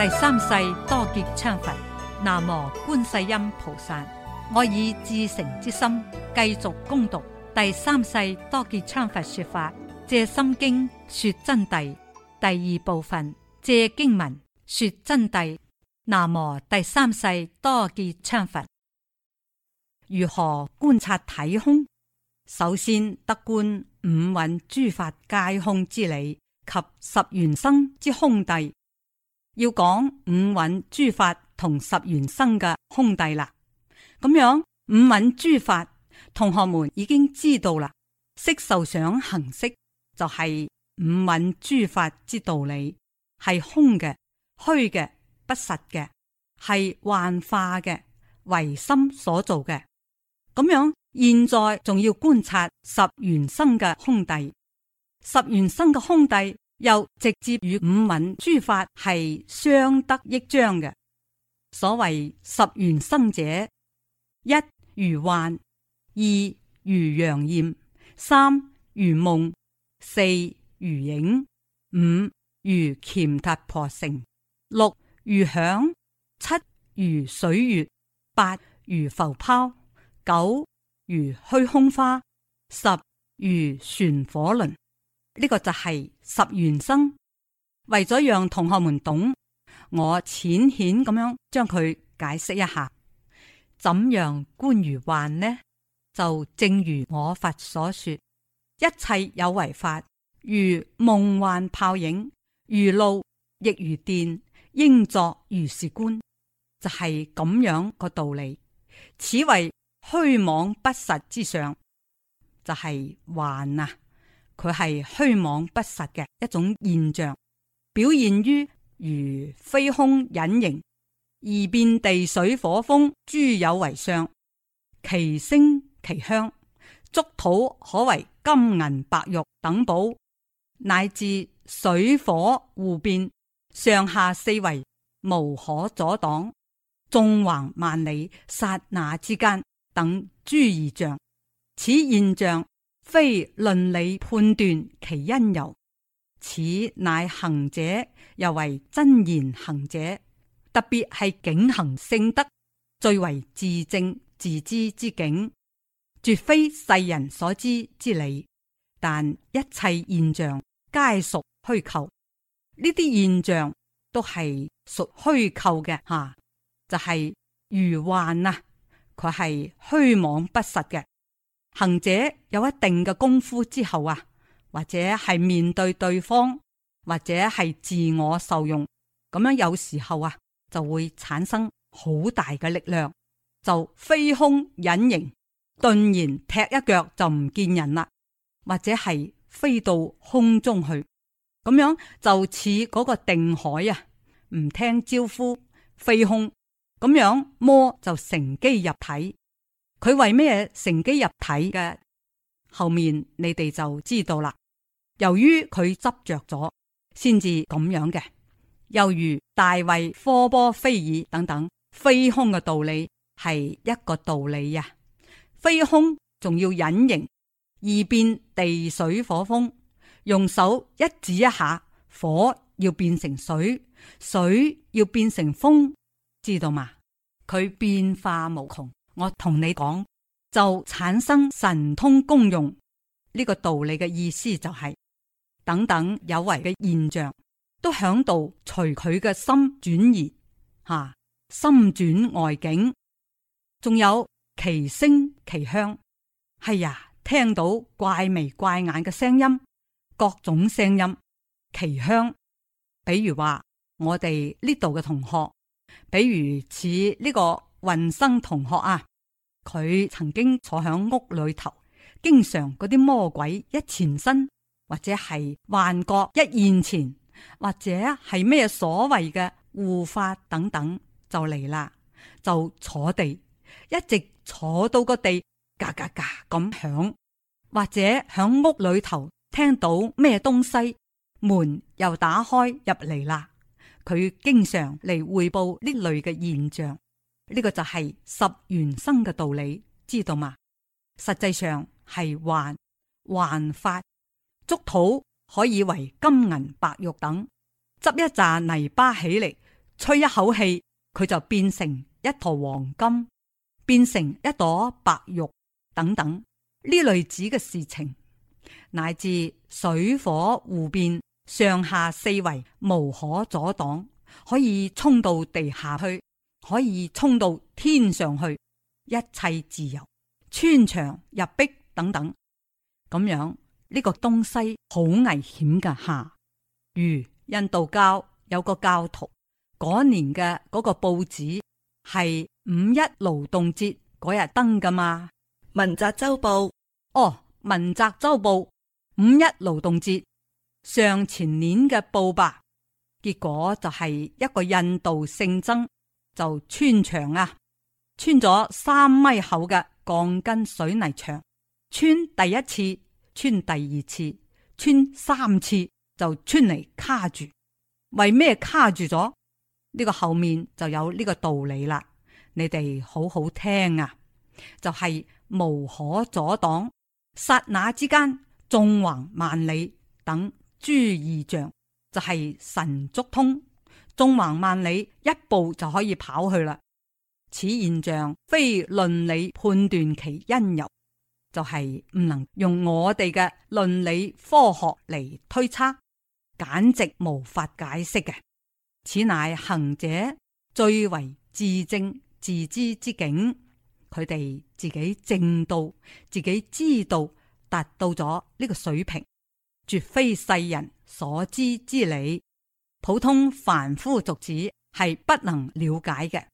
第三世多杰羌佛，南無觀世音菩薩。我以至誠之心繼續攻讀第三世多杰羌佛說法，借心經說真諦第二部分，借經文說真諦。南無第三世多杰羌佛，如何觀察體空？首先得觀五蘊諸法皆空之理及十緣生之空諦。要講五蘊諸法同十緣生嘅空諦啦，咁樣五蘊諸法，同學們已經知道啦，色受想行識就係、是、五蘊諸法之道理，係空嘅、虛嘅、不實嘅，係幻化嘅、唯心所做嘅。咁樣現在仲要觀察十緣生嘅空諦，十緣生嘅空諦。又直接與五蘊諸法係相得益彰嘅。所謂十緣生者：一如幻，二如陽焰，三如夢，四如影，五如乾闥婆城，六如響，七如水月，八如浮泡，九如虛空花，十如旋火輪。呢個就係十緣生，為咗讓同學們懂，我淺顯咁樣將佢解釋一下，怎樣觀如幻呢？就正如我佛所說，一切有為法，如夢幻泡影，如露亦如電，應作如是觀，就係、是、咁樣個道理。此為虛妄不實之上，就係、是、幻啊！佢係虛妄不實嘅一種現象，表現於如飛空隱形，易變地水火風，諸有為相，其聲其香，竹土可為金銀白玉等寶，乃至水火互變，上下四維無可阻擋，縱橫萬里，剎那之間等諸異象，此現象。非論理判斷其因由。此乃行者，又為真言行者，特別係警行聖德，最為自正自知之境，絕非世人所知之理。但一切現象皆屬虛構，呢啲現象都係屬虛構嘅，吓就係如幻啊，佢係虛妄不實嘅。行者有一定嘅功夫之後啊，或者係面對對方，或者係自我受用，咁樣有時候啊就會產生好大嘅力量，就飛空隱形，頓然踢一腳就唔見人啦，或者係飛到空中去，咁樣就似嗰個定海啊，唔聽招呼飛空，咁樣魔就乘機入體。佢為咩乘機入體嘅？後面你哋就知道啦。由於佢執着咗，先至咁樣嘅。又如大衛科波菲爾等等，飛空嘅道理係一個道理呀。飛空仲要隱形，易變地水火風，用手一指一下，火要變成水，水要變成風，知道嘛？佢變化無窮。我同你講，就產生神通功用呢、這個道理嘅意思就係、是，等等有為嘅現象都響度隨佢嘅心轉移，吓、啊、心轉外境，仲有奇聲奇香。係啊，聽到怪眉怪眼嘅聲音，各種聲音，奇香。比如話我哋呢度嘅同學，比如似呢個雲生同學啊。佢曾經坐響屋裏頭，經常嗰啲魔鬼一前身，或者係幻覺一現前，或者係咩所謂嘅護法等等就嚟啦，就坐地一直坐到個地，嘎嘎嘎咁響，或者響屋裏頭聽到咩東西，門又打開入嚟啦，佢經常嚟匯報呢類嘅現象。呢個就係十緣生嘅道理，知道嗎？實際上係幻幻法，竹土可以為金銀白玉等，執一紮泥巴起嚟，吹一口氣，佢就變成一坨黃金，變成一朵白玉等等呢類子嘅事情，乃至水火互變，上下四維無可阻擋，可以衝到地下去。可以衝到天上去，一切自由，穿牆入壁等等，咁樣呢、這個東西好危險噶吓。如印度教有個教徒，嗰年嘅嗰個報紙係五一勞動節嗰日登噶嘛？文澤州報哦，文澤州報五一勞動節上前年嘅報吧，結果就係一個印度聖僧。就穿牆啊！穿咗三米厚嘅鋼筋水泥牆，穿第一次，穿第二次，穿三次就穿嚟卡住。為咩卡住咗？呢、這個後面就有呢個道理啦。你哋好好聽啊！就係、是、無可阻擋，剎那之間，縱橫萬里等諸異象，就係、是、神足通。縱橫萬里，一步就可以跑去啦。此現象非論理判斷其因由，就係、是、唔能用我哋嘅論理科學嚟推測，簡直無法解釋嘅。此乃行者最為自正自知之境，佢哋自己正道，自己知道達到咗呢個水平，絕非世人所知之理。普通凡夫俗子係不能了解嘅，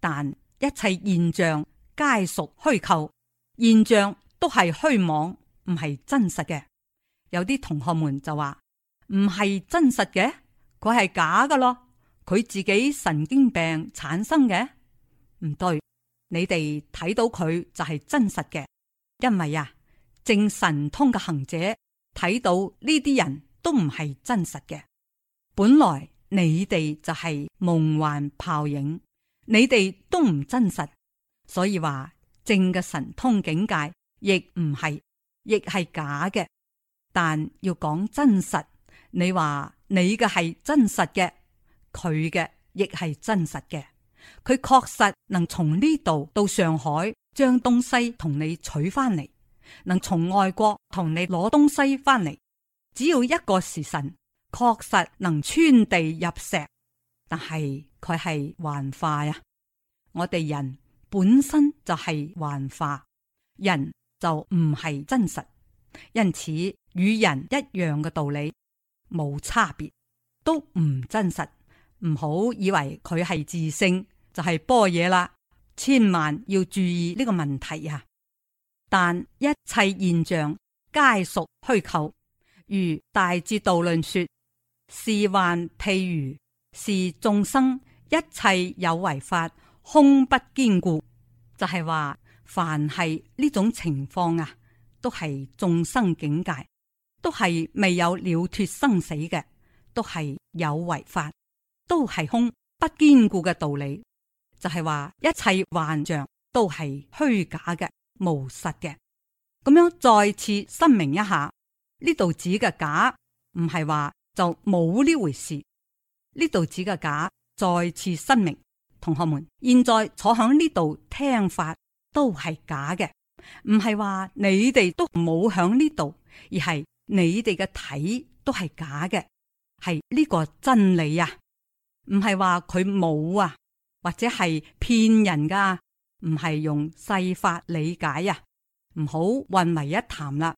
但一切現象皆屬虛構，現象都係虛妄，唔係真實嘅。有啲同學們就話，唔係真實嘅，佢係假嘅咯，佢自己神經病產生嘅。唔對，你哋睇到佢就係真實嘅，因為呀，正神通嘅行者睇到呢啲人都唔係真實嘅。本來你哋就係夢幻泡影，你哋都唔真實，所以話正嘅神通境界亦唔係，亦係假嘅。但要講真實，你話你嘅係真實嘅，佢嘅亦係真實嘅。佢確實能從呢度到上海，將東西同你取翻嚟，能從外國同你攞東西翻嚟，只要一個時辰。確實能穿地入石，但係佢係幻化呀、啊。我哋人本身就係幻化，人就唔係真實，因此與人一樣嘅道理冇差別，都唔真實。唔好以為佢係自性就係般若啦，千萬要注意呢個問題呀、啊。但一切現象皆屬虛構，如《大智度論》說。是幻，譬如是眾生一切有為法，空不堅固，就係話凡係呢種情況啊，都係眾生境界，都係未有了脱生死嘅，都係有為法，都係空不堅固嘅道理，就係話一切幻象都係虛假嘅、無實嘅。咁樣再次申明一下，呢度指嘅假，唔係話。就冇呢回事，呢度指嘅假再次申明，同學們現在坐響呢度聽法都係假嘅，唔係話你哋都冇響呢度，而係你哋嘅睇都係假嘅，係呢個真理啊，唔係話佢冇啊，或者係騙人噶啊，唔係用世法理解啊，唔好混為一談啦。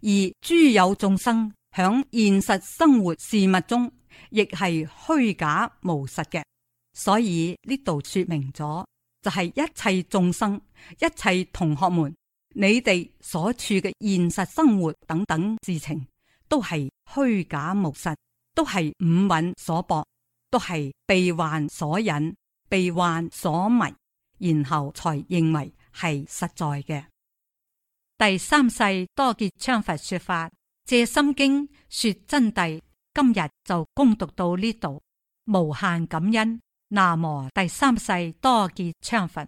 而諸有眾生。響現實生活事物中，亦係虛假無實嘅，所以呢度說明咗，就係、是、一切眾生、一切同學們，你哋所處嘅現實生活等等事情，都係虛假無實，都係五蘊所博，都係被幻所引、被幻所迷，然後才認為係實在嘅。第三世多杰羌佛說法。藉心經說真諦，今日就攻讀到呢度，無限感恩，南無第三世多杰羌佛。